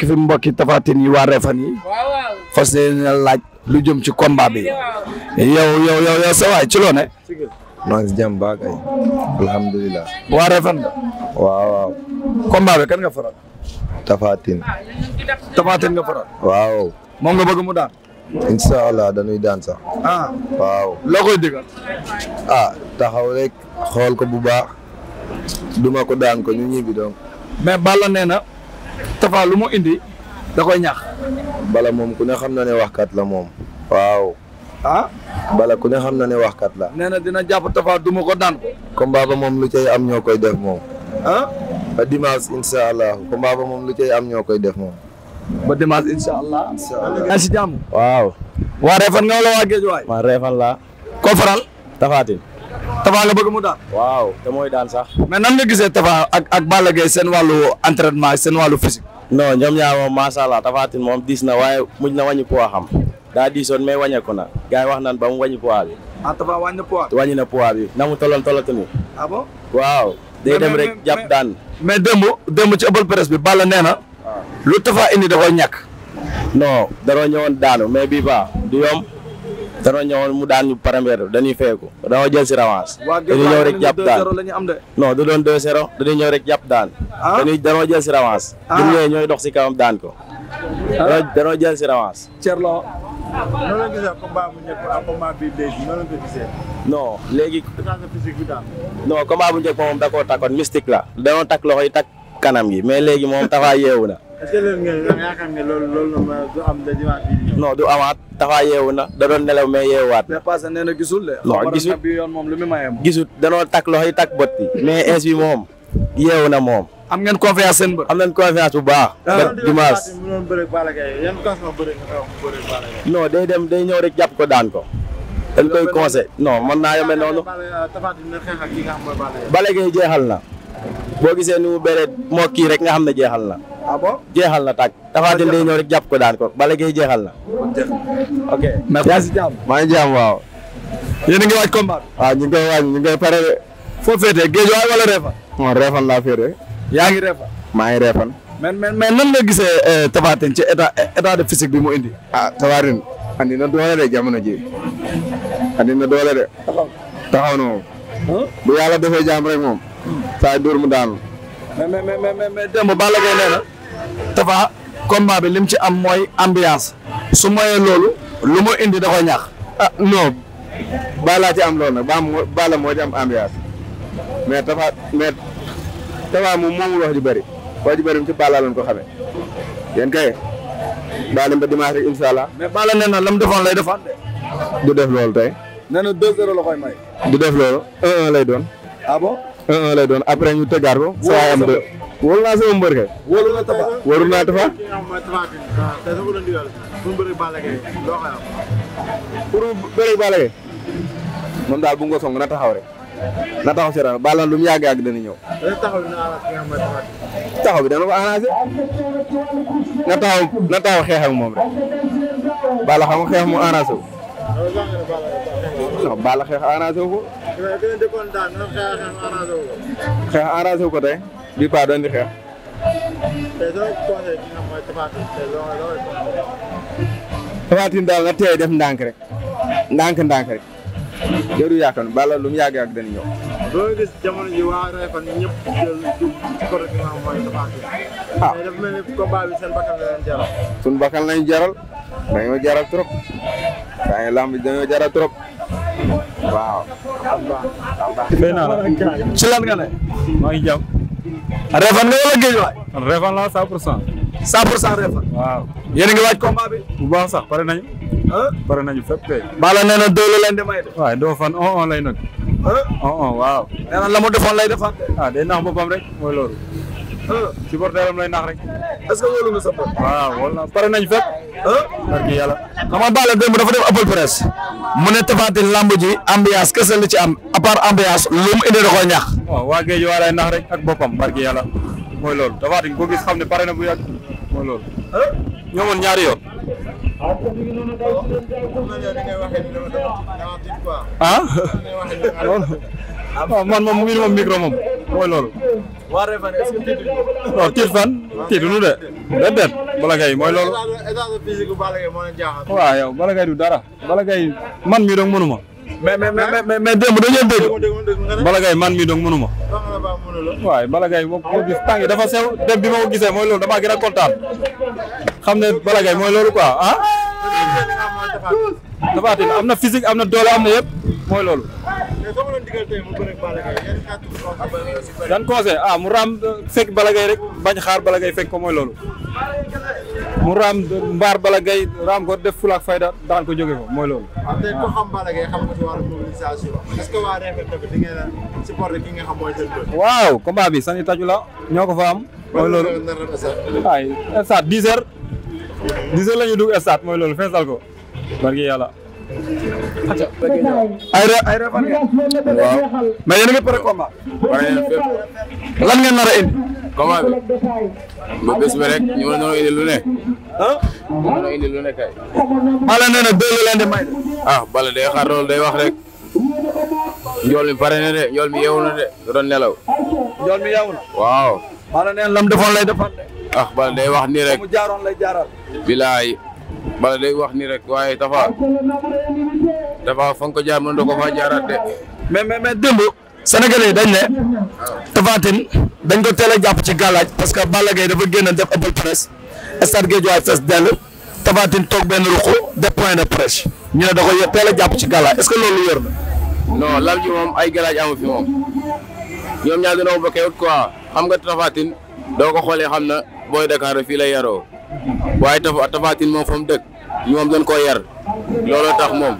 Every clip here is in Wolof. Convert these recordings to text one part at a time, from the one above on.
fekk fi mbokki tafatin yi waa Refane yi fas lu jëm ci combat bi ci loo ne. maa ngi si jàmm bi kan nga nga faral. waaw. moom bëgg mu daan. incha allah dañuy daan sax. ah waaw. Ah, ko bu baax. duma ko daan ko ñu ñibbi donc. mais Balla nee na Tapha lu mu indi da koy ñax. bala moom ku ne xam na ne waxkat la moom. waaw. ah. bala ku ne xam na ne waxkat la. nee na dina jàpp Tapha duma ko daan ko. combat moom lu cay am ñoo koy def moom. ah. ba dimanche incha allah combat moom lu cay am ñoo koy def moom. ba dimanche incha allah. incha allah si waa Réfane nga wala waa Géej waay. waa Réfane laa. ko faral. Tapha Tapha nga bëgg mu daan. waaw te mooy daan sax. mais nan nga gisee Tapha ak ak Balla seen wàllu entraînement seen wàllu physique. non ñoom ñaar moom macha allah Tapha Tine moom diis na waaye mujj na wàññi poids xam daa diisoon mais wàññeeku na gars wax naan ba mu wàññi poids bi. ah na poids. wàññi na poids bi na mu tolloon tollatu ni. Ah waaw. day dem rek jàpp daan. mais démb démb ci ëppal presse bi Balla nee na. Ah. lu Tapha indi da koy ñàkk. non daroo ñëwoon daanu mais bii ba du yomb. danoo ñëwoon mu daan ñu paramètre dañuy feeku danoo jël si revanche dañuy rek jàpp daan non da doon 2-0 dañuy ñëw rek jàpp daan ah. dañuy danoo jël si revanche ah. ñun ñooy dox si kawam daan ko ah. danoo jël si revanche Thierno noo léegi noo leen ko bu njëkk moom da koo takkoon mystique la danoo takk loxo yi takk kanam gi mais léegi moom tafa yeewu na est ne loolu loolu am da diwaat bi. non du amaat Tapha yeewu na da doon nelaw mais yeewuwaat. mais que nee na gisul non gisul bi moom lu gisul danoo takk loxo tak takk bët yi. mais ins bi moom yeewu na moom. am ngeen confiance seen bër. am ngeen confiance bu baax. Ah, ba dimanche non day dem day ñëw rek jàpp ko daan ko. dañ koy conseil non mën na yemee noonu. Tapha dina xeex ak ki jeexal na. boo gisee ni mu béré moo kii rek nga xam ne jeexal na. ah bon jeexal na tàkk. dafa dem day rek jàpp ko daan ko bala ngay jeexal na. ok yaa maa ngi jàmm waaw. yéen ngi waaj combat. waaw ñu ngi koy waaj ñu ngi koy pare de. foo féetee géej waay reefan. non reefan laa féetee. yaa ngi reefan. maa ngi reefan. mais mais mais nan la gisee euh, Tapha ci état état de physique bi mu indi. ah Tapha Tine andi na doole de jamono ji andi na doole de. taxaw na moom. bu yàlla defee jàmm rek moom. saa dóor mu daanu. mais mais mais mais démb Balla Gaye nee bi lim ci am mooy ambiance. su moyee loolu. lu mu indi da koy ñàkk. ah non. Balla ci am loolu nag Ba moo Balla moo ci am ambiance. mais Tapha mais Tapha moom moomul wax ju bëri. wax ju bëri mu ci Balla lañ ko xamee. yéen kay. daa ba dimanche rek incha mais Balla nee na lam defoon lay defaat de. du def loolu tey. nee na deux may. du def loolu un un lay doon. Ah 1-1 doon après ñu tëggaat ko. sa waay am de wóolu naa sama mbër kay. wóolu naa Tapha. wóolu naa Tapha. pour bëri Balla Gaye moom daal bu nga na taxaw rek na taxaw si ren Balla lu mu yàgg yàgg dana ñëw. taxaw bi dana ko arrangé na taxaw na taxaw xeex moom rek Balla xam nga xeex mu arrangé wu. ko. xeex arrangé wu ko tey bii paa doon di xeex. Tafaatine daal nga teey def ndànk rek ndànk ndànk rek jëru yaakaar ne bala lu mu yàgg yàgg dana ñëw. doo gis jamono ah. jaral. suñu bakkan lañ jaral dañoo jaral trop. daa ngi lamb dañoo jaral trop. waaw. fay naa la. ci lan nga ne. maa ngi jàpp. Réfane nga wala géej la 100 pour cent. 100 pour cent waaw yéen a ngi waaj combat bi. bu baax sax pare nañu. pare nañu fépp tey. Balla nee na doole leen may de. waaye doo fan on on lay nag. on waaw. nee la moo defoon lay defaat. ah day naax boppam rek mooy loolu. si bordeelam lay nax rek. est-ce que pare nañ fépp. parce que yàlla. xam nga Balla démb dafa def appel presse. mu ne Tapha Tine lamb ji kese la ci am à part ambiance lu mu indi da koo ñax. waa géej waa lay nax ak boppam parce que yàlla mooy lool Tapha Tine ko gis xam ne pare na bu yàgg mooy loolu. ñoomoon ñaar yoon. ah. waaw ah, man moom mu ngi moom micro moom mooy loolu. tiit fan. tiitu lu de. déedéet Balla Gaye mooy loolu. état de yow Balla Gaye du dara. Balla Gaye man mii doon mënuma. mais mais mais mais démb dañoo dégg. Balla Gaye man mii doon mënuma. waaye Balla Gaye moom moo gis tànk dafa sew dem bi ma ko gisee mooy loolu damaa gën xam ne Balla Gaye mooy loolu quoi ah. dafa am na physique am na doole am na yëpp mooy loolu. lan conseil ah mu raam euh, fekk Balla Gaye rek bañ xaar Balla Gaye fekk ko mooy loolu mu raam euh, mbaar Balla raam ko def fulaak fayda daan ko jóge ko mooy loolu. waaw ah, tey ku ki nga xam mooy bi sani taju la ñoo ko fa am. mooy loolu ay stade dix heures dix heures la ñuy dugg mooy loolu feesal ko barki yàlla. ay re ay refal ngeen. waaw mais yéen a ngi pare combat. pare ngeen fépp. lan ngeen nar a indi. combat bi. ba bés bi rek ñu mën a indi lu ne. ah. ñu mën a indi lu ne kay. Balla nee na dóor la leen di may. ah Balla day xaar loolu day wax rek. njool mi pare na de njool mi yeewu na de doon nelaw. njool mi yeewu na. waaw. Balla nee na lam defoon lay defaat de. ah Balla day wax nii rek. mu jaaroon lay jaaral. bilaay. bala day wax ni rek waaye Tapha Tapha fa nga ko jaar mën na ko faa jaaraat de. mais mais mais démb Sénégalais yi dañ ne. Tapha Tine dañ ko teel a jàpp ci gàllaaj parce que Balla Gaye dafa génn def open press stade Guédiawaye fees dell Tapha Tine toog benn ruqu def point de presse ñu ne da ko teel a jàpp ci gàllaaj est ce que loolu yor na. non lam ji moom ay gàllaaj amu fi moom ñoom ñaar dañoo bokkee wut quoi xam nga Tapha Tine doo ko xoolee xam na booy Dakar fii la yaroo waaye Tapha Tine moom fa mu dëkk ñoom dañ ko yar looloo tax moom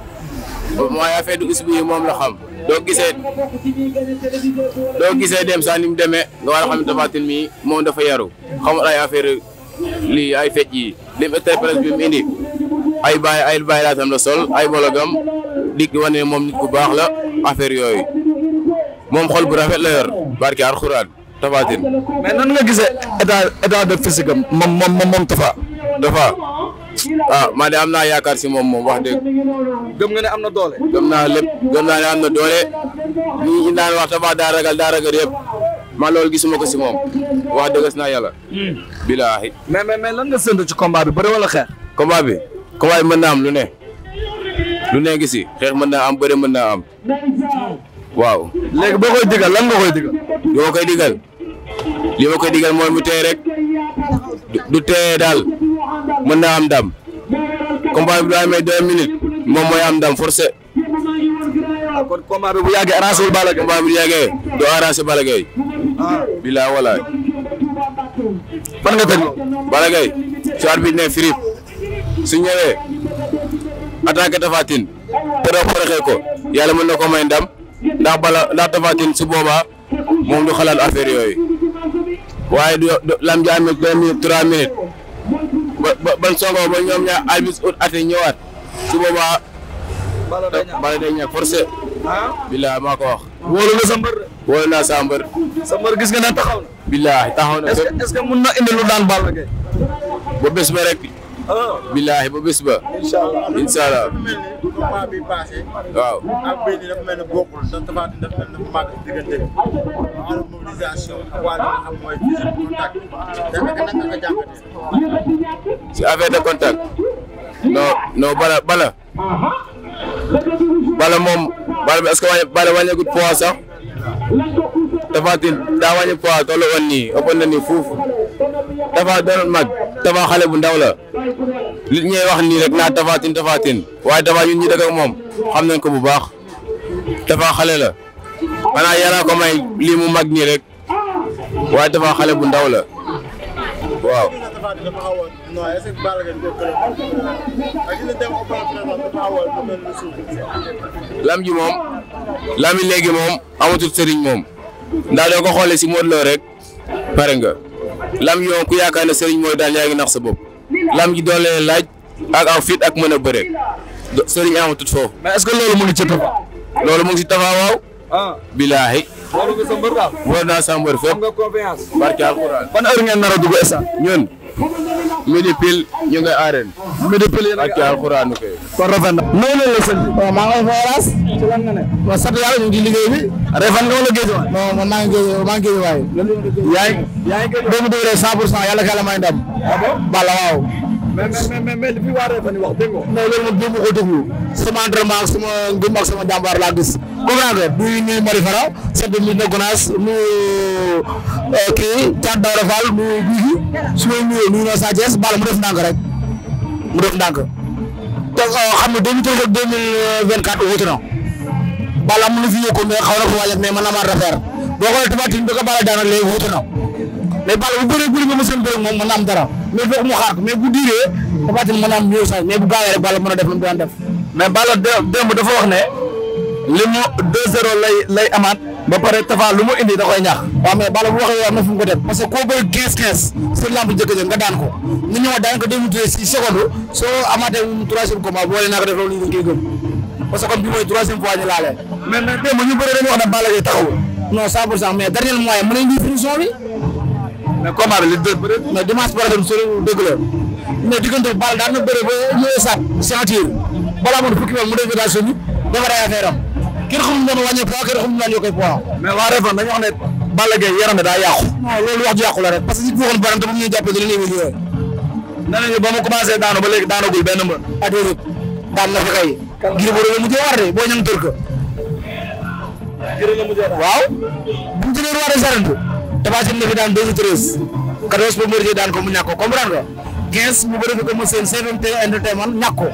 mooy affaire du usbu yi moom la xam doo gisee doo dem sax ni mu demee nga war a xam ne Tapha mii moom dafa yaru xamul ay affaire lii ay fecc yi lim interprète bi mu indi ay bàyyi ay bàyyi laatam la sol ay bologam dig wane ne moom nit ku baax la affaire yooyu moom xol bu rafet la yor barke alxuraan Tapha Tine mais nan nga gisee état état de physique moom moom moom Tapha Tapha a ah, maa de am naa yaakaar si moom moom wax dëgg. gëm nga ne am na doole. gëm naa lépp gëm naa ne am na doole ñi ñu daan wax tabax daa ragal daa ragal yëpp man loolu gisuma ko si moom wax dëgg naa yàlla. Hmm. bilaahi. mais mais mais lan nga séntu ci combat bi bëre xeex. combat bi mën naa am lu ne lu ne gisi xeex mën naa am bëre mën naa am waaw. léegi boo koy digal lan nga koy digal. li ma koy digal li ma koy digal mooy mu tey rek. du tee daal mën naa am ndam combat bi bu amee deux minutes moom mooy am ndam forcé. ah kon combat bi bu yàggee arrangé wul Balla Gaye. Ah. walaay. fan nga tënk. Balla Gaye ne firip su ñëwee attaqué Tapha Tine te doo xorexee yàlla mën na ko may ndam ndax bala ndax Tapha su boobaa moom du xalaat affaire yooyu. waaye du lam jaay ma deux minutes trois ba ba ban songoo ba ñoom ñaar albis ut ati ñëwaat su boobaa. bala day ñàkk forcé. Ah? billaay maa ko wax. wóolu nga sa mbër. wóolu naa sa mbër. gis nga ne taxaw na. billaay taxaw na est-ce que mun na billaahi ba bés ba. incha allah incha allah. waaw. ak béy mi dafa mel ne bokkul ndax dafa dafa mel ne màgg diggante bi. wàllu mobilisation ak wàllu nga xam mooy prise de contact. dafa naka nga jàngatee. si affaire de contact. non non bala bala. bala moom bala bi est-ce que wàññi bala wàññeeku poids sax. Tapha Tine daa wàññi poids toll woon nii ëppoon na nii fuuf. Tapha doon mag Tapha xale bu ndaw la. li ñuy wax nii rek naa Tapha Tine Tapha Tine waaye Tapha ñun ñi dëkk moom xam nañ ko bu baax Tapha xale la xanaa yàlla ko may lii mu mag nii rek waaye Tapha xale bu ndaw la waaw. lam ji moom lami léegi moom amatul sëriñ moom ndax doo ko xoolee si Modou Lo rek pare nga lam moom ku yaakaar ne sëriñ mooy daal yaa nax sa bopp. lam ji doole laaj ak aw fit ak mën a bëre sëriñ amatut foofu. mais est-ce loolu mu ngi ci Tapha. loolu mu ngi ci Tapha waaw. ah bilaahi. loolu nga sa barke alxuraan. ban heure ngeen nar a dugg instant. ñun midi pile ñu ngi arène. midi pile yéen a ngi arène barke alxuraan kay. kon rafet na. bi. waaw maa ngi lay fooraas. nga ne. waaw sant yàlla ñu ngi liggéey bi. refan may ndam. Ah Balla waaw. mais mais mais mais li a ko sama entraînement ak sama ngëm ak sama jàmbaar laa gis. comprendre nga nuyu nuyu Mari Fara sant nañu ne Gonaas nuyu euh, kii Thiat Daouda Fall nuyu Guigui su ma nuyoo nuyu naa Sa Thiès Balla mu def ndànk rek mu def ndànk te euh, xam nga 2013 ak 2024 wuute na Balla am na fi yokku mais xaw na ko wàññeeku mais man amaat affaire boo xoolee tamit bi ko Balla daanaka léegi wuute na. mais Balla bu bëree bëri ba mu seen bëri moom mën na am dara mais foog mu xaar ko mais bu diiree Tapha Tine mën na am ñëw sax mais bu gaawee rek Balla mën a def lu mu daan def. mais Balla démb dafa wax ne li mu 2-0 lay lay amaat ba pare Tapha lu mu indi da koy ñaax. waaw mais Balla bu waxee am na fu mu ko def parce que koo bëri 15-15 seen lamb jëkkëjëf nga daan ko nga ñëwaat daan ko 2 minutes 6 secondes soo amaatee mu troisième combat boole naa ko def loolu ñu ngi koy gëm parce que comme bi mooy troisième fois ñu laalee. mais mais démb ñu bëri dañu wax ne Balla day taxawul. non 100 pour cent mais dernier moyen mën nañu finition bi mais combat bi li dë bëri. mais dimanche prochain su dëgg la daan na bëri ba ñëwee sax ceinture balaa moon fukki mu def daal suñu dafa day affaire am kenn xamul noonu wàññi poids kenn xamul noonu yokkee poids. mais waa Réfane dañu wax ne Balla Gaye yaram daa yàqu. loolu wax ju yàqu la rek parce que nit ku waxoon baram te bu ñu jàppee dinañu évolué. nee nañu ba mu commencé daanu ba léegi daanagul benn mbër. ak yooyu daan na fi kay. ngir bu rëy mu jëwaat de boo ñëw tër waaw. bu ñu jëlee roi des arènes Tapha Tine fi daan 12 13 14 Bombardier daan ko mu ñàkk ko comprendre mu bëri ko mu seen CNT entertainment ñàkk ko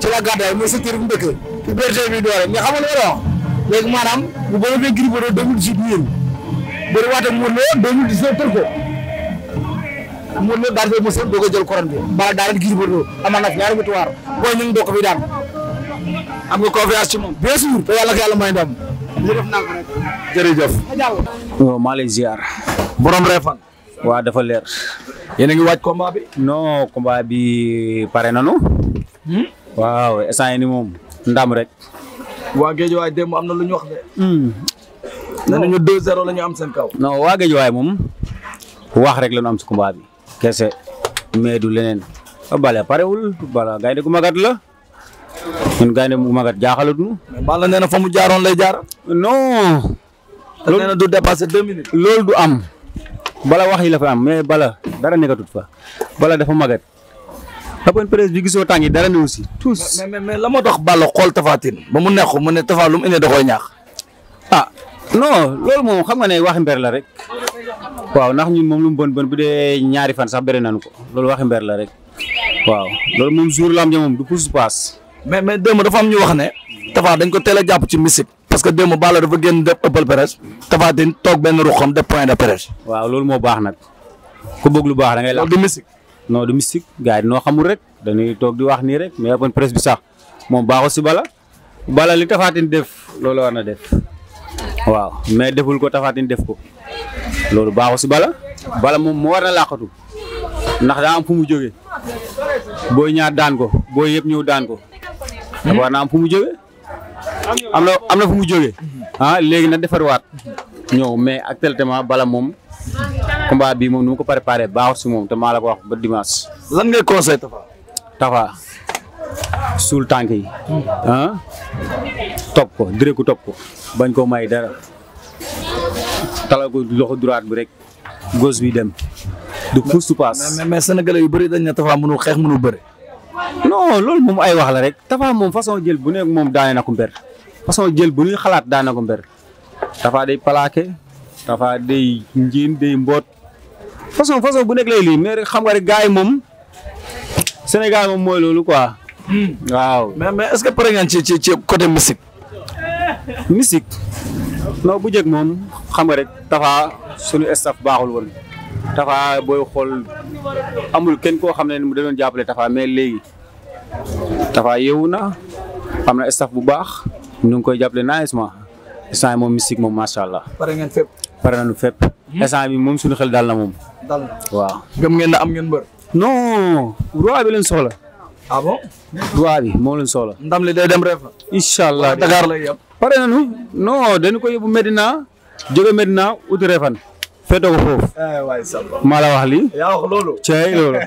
ci la gàddaay mooy secteur bu njëkk puberté bi doole nga xamul nga wax léegi maanaam bu bëri ba Gris Bordeaux 2018 ñëw bëri waate Modou Lo 2019 tër ko Modou Lo daan fee mu seen doog a jël couronne bi bala daal Gris Bordeaux amal na fi ñaari victoire boo ñu ngi doog ko fi daan am nga confiance ci moom bien sûr te yàlla ak yàlla may ndam jërëjëf. maa lay ziar. borom Réfane. waa dafa leer. yéen a ngi waaj combat bi. pare nanu hmm? waaw instant yii nii moom ndam rek. waa géej waay démb am na lu ñu wax de. Hmm. nee nañu 2-0 la ñu am seen kaw. non waa géej waay moom wax rek la ñu am si bi. kese mais leneen. Ah, bala parewul bala gaynde gu magat la. ñun gaynde mu magat jaaxalatuñu. mais Balla nee na fa mu jaaroon lay jaar. non. loolu nee na du dépassé deux minutes. loolu du am bala wax yi la fa am mais bala dara nekkatut fa bala dafa magat open presse bi gisoo tàng yi dara ne aussi tous. mais la moo tax Balla xool Tapha Tine ba mu nekk mu ne Tapha lu mu indee da ñaax. ah non loolu moom xam nga ne waxi mber la rek waaw ndax ñun moom lu mu bon bon bu dee ñaari fan sax bere nañu ko loolu waxi mber la rek waaw loolu moom mais mais démb dafa am ñu wax ne. Tapha dañ ko teel a jàpp ci mystique. parce que démb Balla dafa génn def ëppal presse. Tapha Tine toog benn ruqam def point de presse. waaw loolu moo baax nag ku bëgg lu baax da ngay. la du mystique. non du mystique gars noo xamul rek dañuy toog di wax nii rek mais ëppal presse bi sax moom baaxul si bala Balla li Tapha Tine def loolu war na def waaw mais deful ko Tapha Tine def ko loolu baaxul si bala bala moom moo war na làqatu ndax daa am fu mu jógee booy ñaar daan ko booy yëpp ñëw daan ko. dafa war na am fu mu jógee am na am na fu mu jógee ah léegi na defariwaat ñëw mais actuellement bala moom combat bi moom nu ma ko préparé baaxul si moom te maa la ko wax ba dimanche. lan ngay conseil Tafa. Tafa suul tànk yi. ah topp ko dire ko topp ko bañ koo may dara talal ko loxo droite bi rek gauche bi dem du pousse passe. mais mais Sénégalais yu bari dañ ne Tafa mënu xeex mënu bari non loolu moom ay wax la rek Tapha moom façon jël bu nekk moom daane na ko mbër façon jël bu ñuy xalaat daane na ko mbër Tapha day plaqué Tapha day njiin day mboot façon façon bu nekk lay lii mais rek xam nga rek gars yi moom Sénégal moom mooy loolu quoi. Hmm. waaw mais mais est-ce que pare ngeen ci ci ci côté musique. musique non bu njëkk moom xam nga rek Tapha suñu staff baaxul woon. Tafa booy xool amul kenn koo xam ne mu da doon jàppale Tafa mais léegi Tafa yeewu na na staff bu baax ñu ngi koy jàppale naajement instant moom mystique moom macha allah. pare ngeen fépp. pare bi hmm? moom suñu xel daal na moom. daal na am ngeen mbër. non roi bi leen soxla. Ah roi bi moo leen soxla. ndam li day dem ref la. incha allah Dakar lay yem. pare nañu non dañu ko yóbbu Medina jóge Medina uti Refane. féete ko foofu. Eh, maa la wax lii. yaa wax loolu. cey loolu.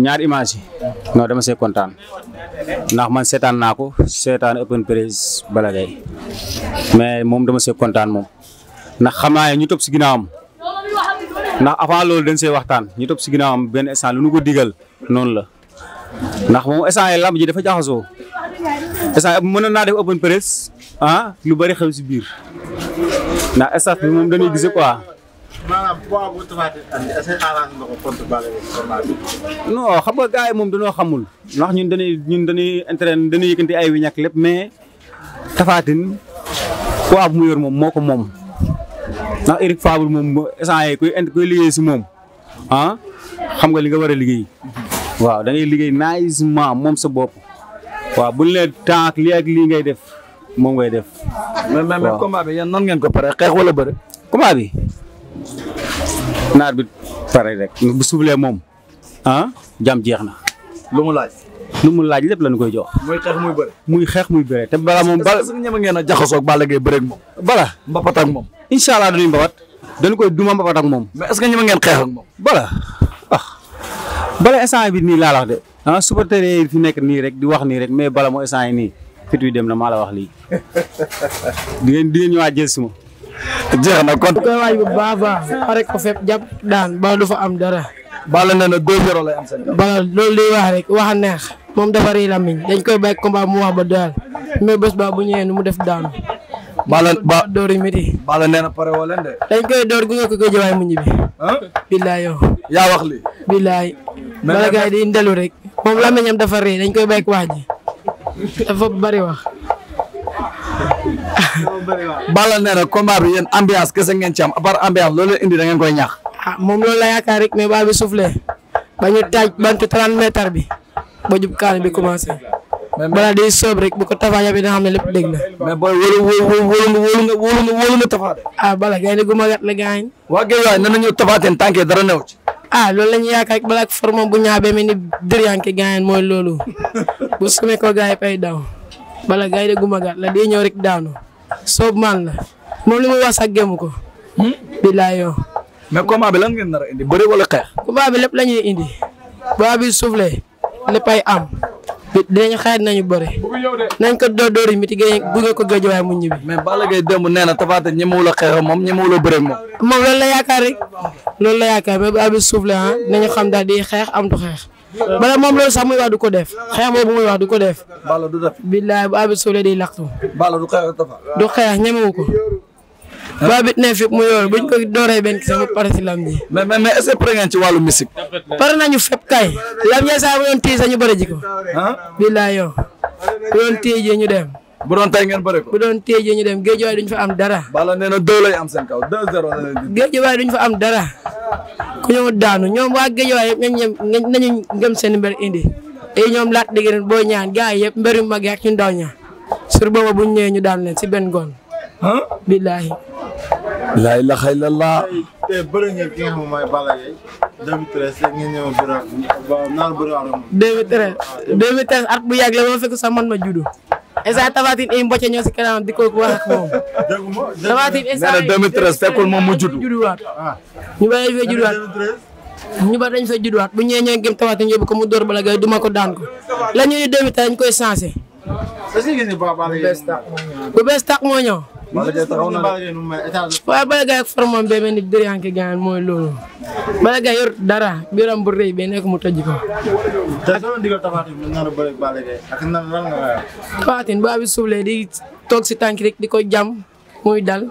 ñaari image yi. dama see kontaan. ndax man seetaan naa ko seetaan open presse Balla mais moom dama see kontaan moom. ndax xam naa ñu topp si ginnaawam. ndax avant loolu dañ see waxtaan ñu topp si ginnaawam benn instant lu nu ko digal noonu la. ndax moom instant yi lamb ji dafa jaxasoo instant mënoon naa def open press ah lu bëri xew si biir ndax instant bi moom dañuy gise quoi. maanaam poids xam nga gars moom dañoo xamul ndax ñun dañuy ñun dañuy entraîné dañuy yëkkante ay wi ñàkk lépp mais tafaatin poids bu mu yor moom moo ko moom. ndax Eric Fabre moom instant yii kuy indi kuy liggéey si moom ah, xam nga li nga war a liggéey. waaw dangay liggéey liggéey naajement moom sa bopp. waaw bu ñu nee temps lii ak lii ngay def moom ngay def. waaw mais mais combat bi yan nan ngeen ko pare xeex wala bëre. combat bi naar bi pare rek. bu suufulee moom ah jàmm jeex na. lu mu laaj. lu mu laaj lépp lañu koy jox. muy xeex muy bëre. muy xeex muy te bala moom. bala suñu ñeme ngeen a jaxasoo ak Balla moom. bala mbapat ak moom. incha allah dañuy mbapat. dañu koy duma mbapat ak moom. mais est ñeme ngeen xeex ak moom. bala bala instant bi nii laa wax de ah supporter yi fi nekk nii rek di wax nii rek mais bala moo instant yi nii fit wi dem na maa la wax lii di ngeen di ngeen ñëwaat jeex na kon. bu koy waaj bu baax a baax pare ko fépp jàpp daan ba du am dara. Balla nee na 2-0 lay am seen. loolu liy wax rek wax neex moom dafa rëy làmmiñ dañ koy bàyyi combat mu wax ba daal mais bës ba bu ñëwee nu mu def daanu. Balla ba door yu métti. Balla nee na pare woo leen de. dañ koy door gu nga ko gëj mu ñibbi. billaay yow. yaa wax lii. billaay. bala gaa yi di ndelu rek moom làmmiñam dafa rëy dañ koy béy ku waaj dafa bëri wax. Balla nee na combat bi yéen ambiance kese ngeen ci am à part ambiance loolu indi da ngeen koy ñaax. ah moom loolu la yaakaar rek mais baa bi soufflé ba ñu taaj bantu 30 mètres bi ba jub kaan bi commencé. balaa day soob rek bu ko Tapha bi nga xam ne lépp dégg na. mais booy wóolu wóolu wóolu nga wóolu nga wóolu nga Tapha. ah Balla gaynde gu magat gaañ. waa Guèye waaye nee nañu Tapha Tine tànkee dara new ah loolu la ñu yaakaar balak forme bu ñaabee mel ni diriyanke gaayen mooy loolu bu sumee ko gars yi pay daw bala gars de gumagat la day ñëw rek daanu soob man la moom li muy wax sax gému ko. Hmm? bilaay yow. mais nar a indi bëre wala xeex. combat bi lépp la indi. combat bi suuf la léppay am. dinañu xaar nañu bëri nañ ko door door yi miti gën ko géej waaye mu ñibbi. mais Balla Gaye démb nee na Tapha Tine ñemewul a xeex moom ñemewul a bëre moom. moom loolu la yaakaar loolu la yaakaar ba bu abi suuf la ah nañu xam daal di xeex am du xeex bala moom loolu sax muy wax du ko def xeex boobu muy wax du ko def. Balla du def billaay bu abi suuf la di laqtu. Balla du xeex Tapha. du xeex ñemewu ko. ba bit ne fépp mu yoolu buñ ko dooree benn kese ba pare si lam ji mais mais mais est-ce que pare ngeen ci wàllu pare nañu fépp kay lam ji saa ñu dem bu doon tey ngeen bëri ko bu doon ñu dem géej waay fa am dara bala nee na am seen kaw deux zéro la leen duñ fa am dara ku ñëw daanu ñoom waa géej waay yëpp ñoom ñoom seen mbir indi te ñoom laat dëgg ren boo ñaan gars yi yëpp mbir yu mag yi ak ñu ndaw ña sur booba buñ ñëwee ñu daan leen si benn goon billahi laa ilaaha illallaah. tey bëri ngeen ki nga xam mooy Balla Gaye. 2013 ngeen ñëw bëri waaw naan bëri waaw. 2013 bu yàgg la ma fekk sax man ma juddu. instant Tapha Tine ay mbocce ñoo si kanam di ko wax ak moom. Tapha Tine instant nee na 2013 fekkul moom mu juddu. ñu bëri dañ fay judduwaat ñu bëri dañ fay judduwaat bu ñëwee ñoo gëm Tapha Tine ko mu dóor Balla Gaye duma ko daan ko la ñuy 2013 dañ koy sensé. est bu bees tàq moo Balla waaye Balla Gaye ak formam bee mel ni diriyanke mooy loolu Balla Gaye yor dara biram bu rëy bee nekk mu tëj ko. te soo a bëre Balla Gaye ak nan lan nga di toog si tànk rek di ko jam muy dal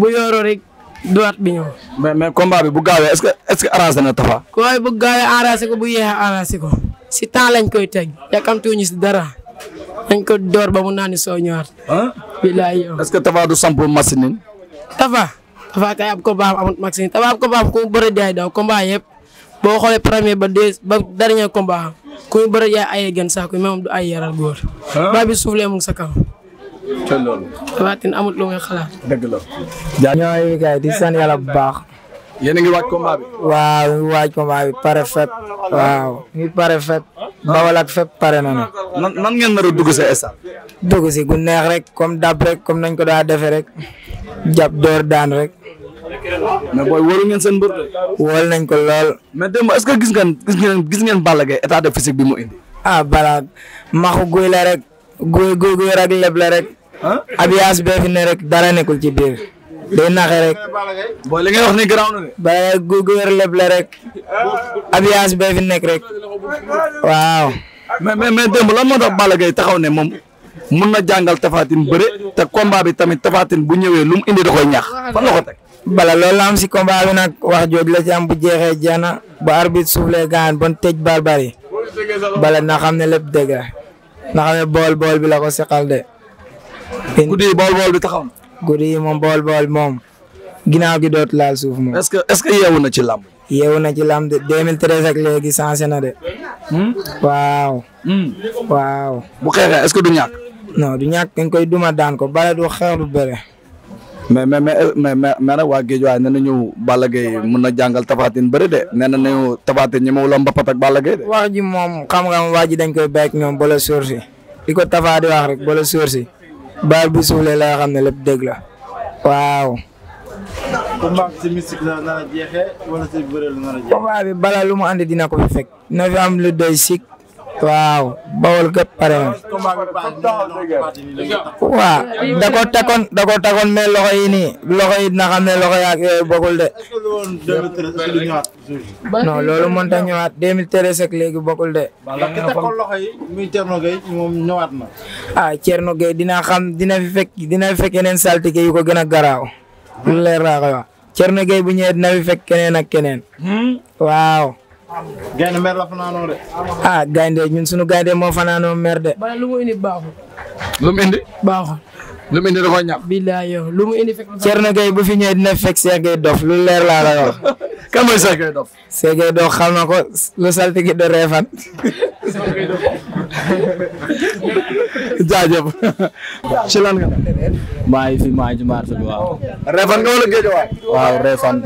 bu yoroo rek duwaat bi ñëw. mais mais combat bi bu gaawee est-ce que est-ce que arrangé na Tapha. waaye bu gaawee ko bu yeexee lañ koy teg yàkkamtuñu si dara. dañ ko door ba mu naani soo ñëwaat. bilaay yow. est que Tapha du samp machine. Tapha Tapha kay ab combat amut machine Tapha ab combat ku mu bëre jaay daw combat yëpp boo xoolee premier ba deux ba dernier combat ku mu bëre jaay ayee gën saako du ay yaral góor. ba bi suuf lee sa kaw. te loolu. amut lu ngay xalaat. dëgg la. ñooy di sant yàlla bu baax. yéen a ngi waaj combat bi. waaw ñu waaj combat bi pare fépp. waaw ñu pare fépp. bawal ak fépp pare nañu. nan nan ngeen nar a dugg sa stade. si gu neex rek comme dab rek comme nañ ko daa defee rek. jàpp door daan rek. mais booy wóolu ngeen seen mbër. wóol nañ ko lool. mais démb est-ce que gis ngeen gis ngeen gis ngeen Balla Gaye de physique bi mu indi. ah balaa maxu guy rek. guy guy guy rek leb la rek. abiyaas bee ne rek dara nekkul ci biir. day naxe rek. booy li ngay wax gu wér lépp rek. abiyaas bee fi nekk rek. waaw. mais me mais démb lan moo tax Balla taxaw ne moom mun na jàngal tafaatin bëre te combat bi tamit tafaatin bu ñëwee lu mu indi da koy ñax fan la ko teg. bala loolu la am si bi wax joog la ci am bu jeexee jana ba arbitre soufflé gaan bon tëj barbari bala na xam ne lépp dëgg la na ne bool bool bi la ko seqal de. guddi bool bool bi taxaw na. guddi yi moom bool bool moom ginnaaw gi dootu laal suuf moom. est que est-ce que yeewu na ci làmb. yeewu na ci làmb de 2013 ak léegi sensé na de. Hmm? waaw. Hmm. waaw. bu xeexee est que du ñàkk. du ñàkk dañ koy duma daan ko bala du xeex du bëre. mais mais mais mais mais nag waa Géej waaye nee nañu Balla Gaye mun na jàngal Tapha Tine bëri de nee nañu Tapha Tine ñi ma wala mbapat ak de. wax ji moom xam nga wax dañ koy béy ak ñoom si. di ko Tapha wax rek bala sóor si. baal bi suulee laa xam ne lépp dëgg la waaw. combat la nar a lu mu andi dina ko fi na fi am lu doy sikk waaw bawol gëpp pare na waaw da ko takkoon da ko takkoon mais loxo loxo yi na xam ne loxo yaak yooyu bokkul de non loolu mën ta ñëwaat 2013 ak léegi bokkul de ah Thierno dina xam dina fi fekk dina fi fekk yeneen saltige yu ko gën a garaaw lu leer dina fi fekk keneen gaynde mer la fanaanoo de. ah gaynde ñun suñu gaynde moo fanaanoo mer de. bala lu mu indi baaxul. lu mu indi. baaxul. lu mu indi dafa ñàkk. billaay yow lu mu dof lu leer laa la wax. kan dof. Cheikh Gueye dof na ko lu saltige de reefan. jaajëf. ci lan nga. maa ngi fi maa ngi ci marché bi waaw. Réfane nga waaw Réfane.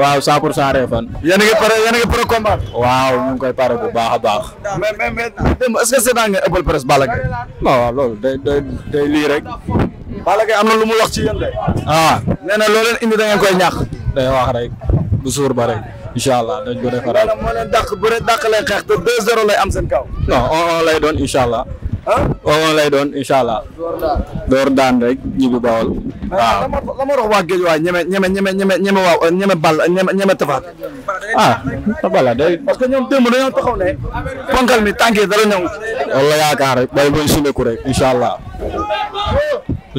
waaw 100 pour 100 ngi pare yéen ngi pare combat. waaw ñu koy pare bu baax a baax. mais mais mais est-ce que loolu day day lii rek. Balla Gaye am na lu mu wax ci yéen de. ah nee na indi da ngeen koy ñàkk. day wax rek bu suur ba rek. incha allah dañ ko defaraat maanaam moo leen dàq bëre dàq lay xeex te 2-0 lay am seen kaw. non on door daan rek ñibbi bawol. waaw ah, ah. la ma wax waa géej waay ah, rek bay buñ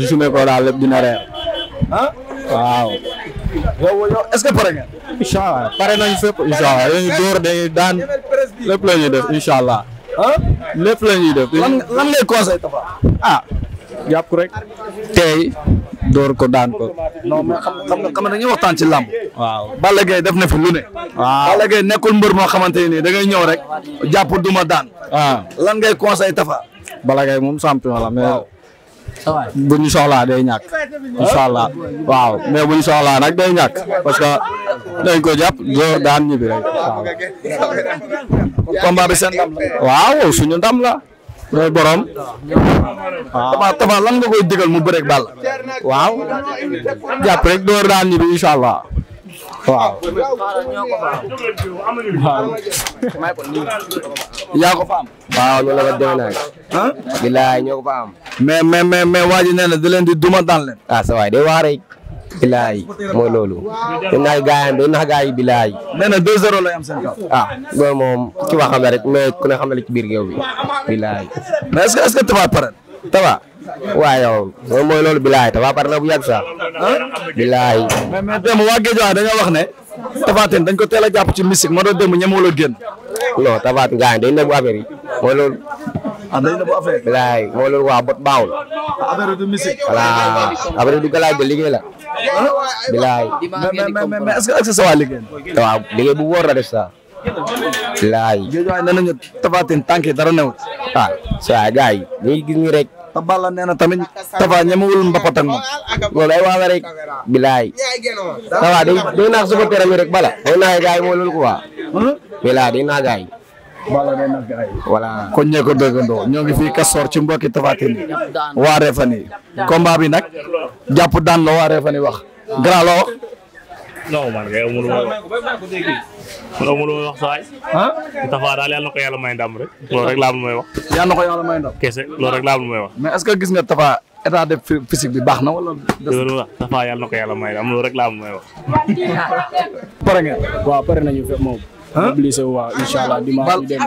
sumeeku daal lépp dina waaw. yow yow est-ce pare ngeen. incha allah pare nañ fépp incha allah daan lépp la def incha allah. lépp la ñuy def. lan lan conseil Tapha. ah rek. tey dóor ko daan ko. non mais xam nga xam dañuy waxtaan ci làmb. waaw Balla def na fi lu ne. waaw Balla nekkul mbër moo xamante ne nii da ngay ñëw rek. jàpp duma daan. waaw ah. lan ngay conseil Tapha. Balla Gaye moom champion la mais. bu ñu soxlaa day ñàkk incha waaw mais bu ñu soxlaa nag day ñàkk parce que dañ ko jàpp door daan ñibbi rek waaw. waaw suñu ndam la. mooy borom. waaw Tapha koy digal mu bëreeg bal waaw jàpp rek door daan ñibbi incha waaw. yaa ko fa am. waaw la demee nag. ah. bilaay ñoo ko fa am. mais mais mais mais waa ji nee na da leen di duma daan leen. Ah, waay day wax rek. mooy loolu. day nax gaay na 2-0 lay am seen kaw. ah loolu moom ci waxam la rek mais ku ne xam ne ci biir géew bi bilaay. mais est ce que est ce que Tapha pare. Tapha. loolu mooy loolu bilaay Tapha na bu yàgg sax. ah bilaay. mais waa Géejawaay dañoo wax ne. Tapha Tine dañ ko teel a jàpp ci mystique moo doon démb ñemewul a génn. non Tapha Tine gars yi dañ ne bu affaire yi mooy loolu. ah dañ ne bot baawul. Ah, affaire du galaay ba liggéey la. bilaay. mais mais mais est-ce que accès sa waa liggéey la. saa ah, gars yi ñu gis ñu rek. te Balla nee na tamit Tapha ñemewul mbapat ay wax bilaay. Tapha day day naax suba teram bala. day naax gars yi mooy loolu wala day naa gaay bala day naa gaay voilà ñoo ngi fii Castor ci mbokki Tapha Tine waa Refane combat bi nag jàpp daan la waa Refane wax grand la wax non man kay amul man amul wax saay ah Tapha daal rek loolu rek may wax yàlla na ko yàlla may ndam kese rek laa may que gis nga Tapha bi baax na wala. loolu Tapha may wax pare ngeen waaw pare nañu fépp moom mobilisé wu waaw incha allah dimanche bi dem.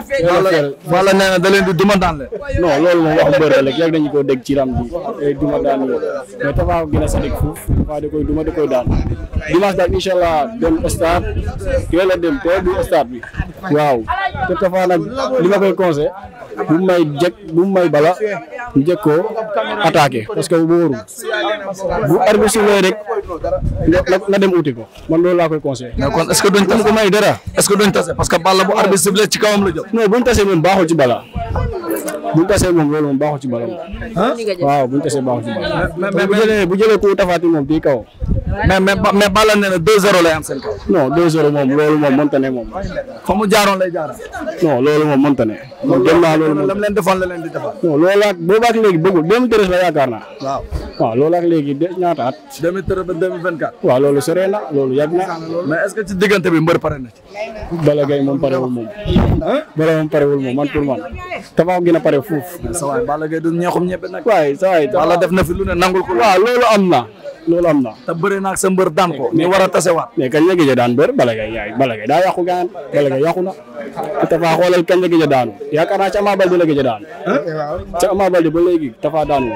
wala nee na da leen di duma daan leen. non loolu moom wax mbër rek yàgg nañu koo dégg ci ram bi duma daan yooyu mais Tapha gën a sadik foofu Tapha da koy duma da koy daan dimanche daal incha dem stade teel a dem teel du stade bi waaw te Tapha nag li koy conseil bu may jëkk bu may bala njëkk koo parce que wóoru bu arbi rek nga dem uti ko man loolu laa koy conseil mais kon est-ce que duñ ko may dara est-ce que ngeen parce que Balla bu arbitre sifflé ci kawam la jot. non bu ñu tasee moom baaxul ci Balla bu ñu moom loolu moom baaxul ci Balla moom. waaw bu ñu tasee ci Balla. bu jëlee bu jëlee ku moom di kaw. mais mais Balla nee na 2-0 lay am seen kaw. non 2-0 moom loolu moom mënta ne moom. fa mu jaaroon lay jaar. non loolu moom mënta ne. moom dem naa loolu moom la mu leen defoon la leen di loolu ak la yaakaar naa. loolu ak loolu sore na loolu que ci diggante bi mbër pare na ci. Balla moom parewul moom. moom parewul moom man pour man. Tapha pare fuuf. sa waay Balla du ñeexum ñebe nag. waay sa def na fi lu ne nangul ko. loolu am na bëri naag sa mbër daan ko ñu war a tasewaat mais kañ la gëj a daan mbër Balla Gaye yaay Balla Gaye daa yàqu gaan Balla Gaye yàqu na Tapha xoolal kañ la gëj a daanu yaakaar naa maa Ama Baldé la gëj a maa ci Ama Baldé ba léegi Tapha daanu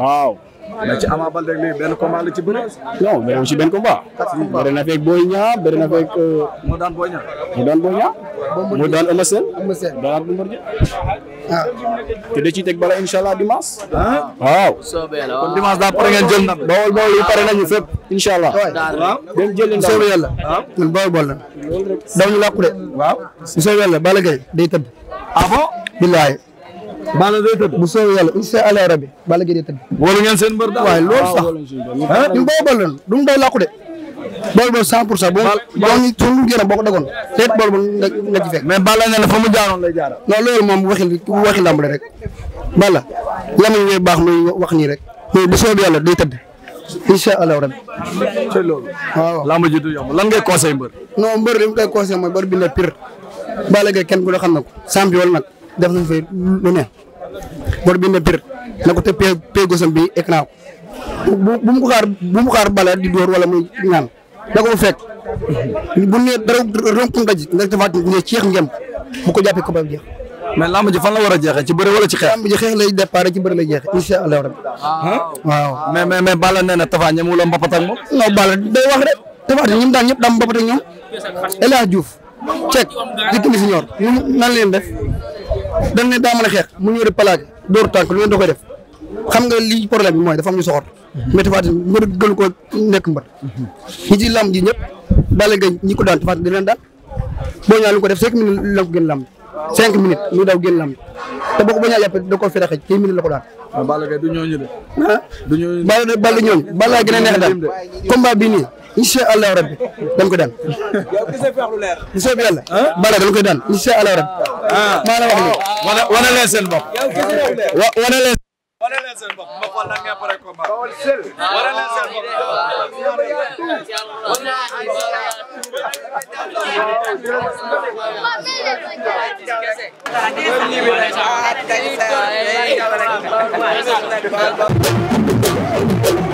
waaw mais ci Ama Baldé léegi benn combat la ci bëri. non mais ci benn combat. bëri na fekk Boy Niang bëri na fekk. Euh, mu daan Boy Niang. mu daan Boy Niang. mu daan Eumeu Sène. Eumeu Sène daan Bombardier. ah. te da bala incha allah dimanche. ah waaw. soobee pare ngeen jël Bawol Bawol yi pare nañu fépp. incha allah dem jëli ndam soobee yàlla. waaw ah. Bawol Bawol la. loolu rek daw ñu làkku de. waaw soobee yàlla Balla Gaye day tëb. Balla day tëdd bu soobee yàlla insha allah rabbi Balla Gaye day tëdd wóolu ngeen seen mbër daal waaye loolu ah, sax ñun boo balloon du mu daw làqu de bool bool cent pour cent boo ñu suñu gën a boo ko dagoon te it bool bool nga ci fekk mais Balla nee na fa mu jaaroon lay jaar Balla lamañ ngay baax muy wax nii rek bu soobee yàlla day tëdd incha allahu rabi. te loolu. waaw làmb mooy mbër bi ne Balla Gaye kenn ku ne xam na ko nag. def nañ fay lu ne bor bi ne pir na ko te pe pe gosam bi écran bu bu mu xaar bu mu xaar bala di dóor wala muy ñaan da ko fekk bu ne dara rompum daj nga defaat ne ceex ngem bu ko jàppee ko ba jeex mais lamb ji fan la war a jeexee ci bëre wala ci xeex. lamb ji xeex lay départ ci bëre lay jeexe incha allah rabbi. Ah. waaw mais mais mais Balla nee na Tafa ñemu la mbapat ak moom. non Balla day wax rek. Tafa ñi daan ñëpp daan mbapat ak ñoom. El Hadj Diouf. Cek dikk mi si ñor. leen def. dañ ne daa a xeex mu ñëw di palaage dóor tànk lu ne da koy def xam nga lii problème bi mooy dafa am ñu soxor. mais Tapha Tine mbër gënu ko nekk mbër. ñi ci làmb ji ñëpp Balla Gaye ñi ko daan Tapha Tine di leen daan boo ñëwaat lu ko def cinq minutes la ko génn làmb cinq minutes ñu daw génn làmb te boo ko bañ a jàppee da koo firaxe ci minutes la ko daan. waaw ah, Balla du ñooñu de. ah gën a neex daan combat bi nii. incha allahu rabbi dañ ko daan. yow gisee feex lu bi yàlla. bala dañ koy daan incha allahu rabbi. Ah. maa la wax nii. wana wana leen seen bopp. seen bopp ma xool